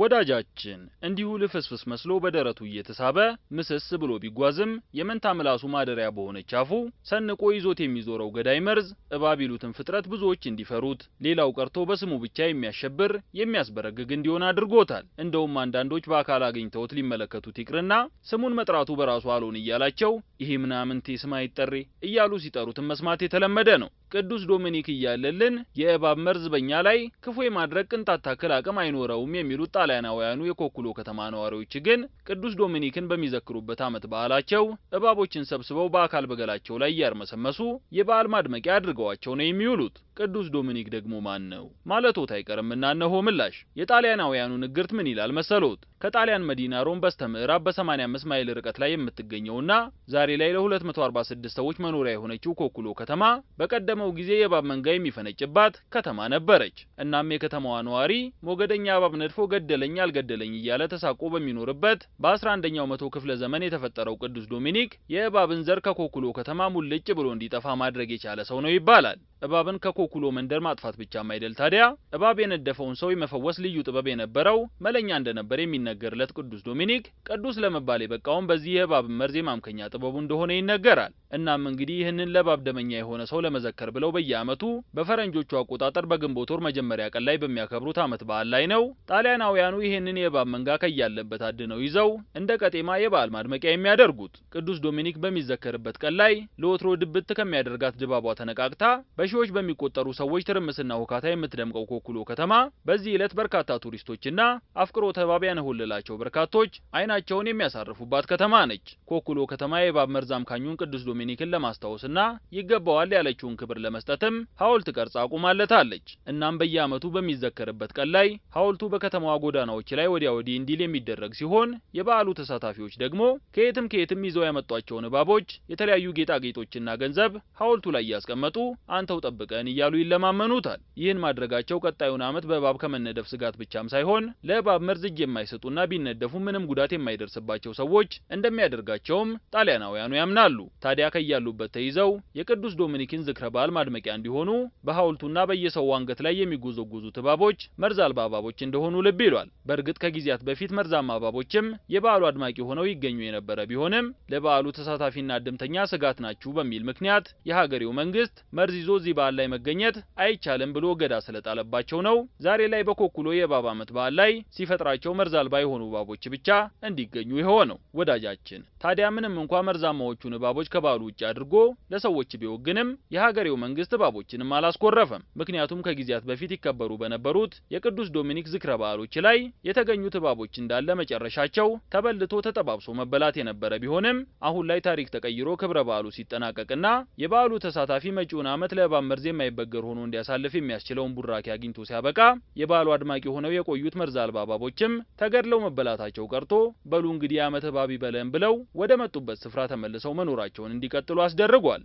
ወዳጃችን እንዲሁ ልፍስፍስ መስሎ በደረቱ እየተሳበ ምስስ ብሎ ቢጓዝም የመንታ ምላሱ ማደሪያ በሆነች አፉ ሰንቆ ይዞት የሚዞረው ገዳይ መርዝ እባብ ይሉትን ፍጥረት ብዙዎች እንዲፈሩት ሌላው ቀርቶ በስሙ ብቻ የሚያሸብር የሚያስበረግግ እንዲሆን አድርጎታል። እንደውም አንዳንዶች በአካል አግኝተውት ሊመለከቱት ይቅርና ስሙን መጥራቱ በራሱ አልሆን እያላቸው ይሄ ምናምንቴ ስም አይጠሬ እያሉ ሲጠሩትን መስማት የተለመደ ነው። ቅዱስ ዶሚኒክ እያለልን የእባብ መርዝ በእኛ ላይ ክፉ የማድረግ ቅንጣት ታክል አቅም አይኖረውም የሚሉት ጣሊያናውያኑ የኮኩሎ ከተማ ነዋሪዎች ግን ቅዱስ ዶሚኒክን በሚዘክሩበት ዓመት በዓላቸው እባቦችን ሰብስበው በአካል በገላቸው ላይ እያርመሰመሱ የበዓል ማድመቂያ አድርገዋቸው ነው የሚውሉት። ቅዱስ ዶሚኒክ ደግሞ ማን ነው ማለቶት አይቀርምና እነሆ ምላሽ። የጣሊያናውያኑ ንግርት ምን ይላል መሰሎት? ከጣሊያን መዲና ሮም በስተ ምዕራብ በ85 ማይል ርቀት ላይ የምትገኘውና ዛሬ ላይ ለ246 ሰዎች መኖሪያ የሆነችው ኮኩሎ ከተማ በቀደም በቀደመው ጊዜ የእባብ መንጋ የሚፈነጭባት ከተማ ነበረች። እናም የከተማዋ ነዋሪ ሞገደኛ እባብ ነድፎ ገደለኝ አልገደለኝ እያለ ተሳቆ በሚኖርበት በ11ኛው መቶ ክፍለ ዘመን የተፈጠረው ቅዱስ ዶሚኒክ የእባብን ዘር ከኮኩሎ ከተማ ሙልጭ ብሎ እንዲጠፋ ማድረግ የቻለ ሰው ነው ይባላል። እባብን ከኮኩሎ መንደር ማጥፋት ብቻም አይደል ታዲያ፣ እባብ የነደፈውን ሰው የመፈወስ ልዩ ጥበብ የነበረው መለኛ እንደነበር የሚነገርለት ቅዱስ ዶሚኒክ ቅዱስ ለመባል የበቃውን በዚህ የእባብን መርዝ የማምከኛ ጥበቡ እንደሆነ ይነገራል። እናም እንግዲህ ይህንን ለእባብ ደመኛ የሆነ ሰው ለመዘከር ብለው በየዓመቱ በፈረንጆቹ አቆጣጠር በግንቦት ወር መጀመሪያ ቀን ላይ በሚያከብሩት ዓመት በዓል ላይ ነው። ጣሊያናውያኑ ይህንን የእባብ መንጋ ከያለበት አድነው ይዘው እንደ ቀጤማ የበዓል ማድመቂያ የሚያደርጉት ቅዱስ ዶሚኒክ በሚዘከርበት ቀን ላይ ለወትሮ ድብት ከሚያደርጋት ድባቧ ተነቃቅታ በሺዎች በሚቆጠሩ ሰዎች ትርምስና ሁካታ የምትደምቀው ኮኩሎ ከተማ በዚህ ዕለት በርካታ ቱሪስቶችና አፍቅሮ እባብ ያነሆለላቸው በርካቶች አይናቸውን የሚያሳርፉባት ከተማ ነች። ኮኩሎ ከተማ የእባብ መርዝ አምካኙን ቅዱስ ዶሚኒክን ለማስታወስና ይገባዋል ያለችውን ክብር ለመስጠትም ሐውልት ቀርጻ አቁማለታለች። እናም በየዓመቱ በሚዘከርበት ቀን ላይ ሐውልቱ በከተማዋ ጎዳናዎች ላይ ወዲያ ወዲህ እንዲል የሚደረግ ሲሆን የበዓሉ ተሳታፊዎች ደግሞ ከየትም ከየትም ይዘው ያመጧቸውን እባቦች፣ የተለያዩ ጌጣጌጦችና ገንዘብ ሐውልቱ ላይ እያስቀመጡ አንተው ጠብቀን እያሉ ይለማመኑታል። ይህን ማድረጋቸው ቀጣዩን ዓመት በእባብ ከመነደፍ ስጋት ብቻም ሳይሆን ለእባብ መርዝጅ የማይሰጡና ቢነደፉ ምንም ጉዳት የማይደርስባቸው ሰዎች እንደሚያደርጋቸውም ጣሊያናውያኑ ያምናሉ። ታዲያ ከያሉበት ተይዘው የቅዱስ ዶሚኒክን ዝክረ በዓል ቃል ማድመቂያ እንዲሆኑ በሐውልቱና በየሰው አንገት ላይ የሚጎዘጎዙት እባቦች መርዝ አልባ እባቦች እንደሆኑ ልብ ይሏል። በእርግጥ ከጊዜያት በፊት መርዛማ እባቦችም የበዓሉ አድማቂ ሆነው ይገኙ የነበረ ቢሆንም ለበዓሉ ተሳታፊና እድምተኛ ስጋት ናችሁ በሚል ምክንያት የሀገሬው መንግስት መርዝ ይዞ እዚህ በዓል ላይ መገኘት አይቻልም ብሎ ገዳ ስለጣለባቸው ነው ዛሬ ላይ በኮኩሎ የእባብ ዓመት በዓል ላይ ሲፈጥራቸው መርዝ አልባ የሆኑ እባቦች ብቻ እንዲገኙ የሆነው። ወዳጃችን ታዲያ ምንም እንኳ መርዛማዎቹን እባቦች ከበዓሉ ውጭ አድርጎ ለሰዎች ቢወግንም የሀገሬው መንግስት እባቦችንም አላስኮረፈም። ምክንያቱም ከጊዜያት በፊት ይከበሩ በነበሩት የቅዱስ ዶሚኒክ ዝክረ በዓሎች ላይ የተገኙት እባቦች እንዳለ መጨረሻቸው ተበልቶ ተጠባብሶ መበላት የነበረ ቢሆንም አሁን ላይ ታሪክ ተቀይሮ ክብረ በዓሉ ሲጠናቀቅና የበዓሉ ተሳታፊ መጪውን ዓመት ለእባብ መርዝ የማይበገር ሆኖ እንዲያሳልፍ የሚያስችለውን ቡራኬ አግኝቶ ሲያበቃ የበዓሉ አድማቂ ሆነው የቆዩት መርዝ አልባ እባቦችም ተገድለው መበላታቸው ቀርቶ በሉ እንግዲህ የዓመት እባብ ይበለን ብለው ወደ መጡበት ስፍራ ተመልሰው መኖራቸውን እንዲቀጥሉ አስደርጓል።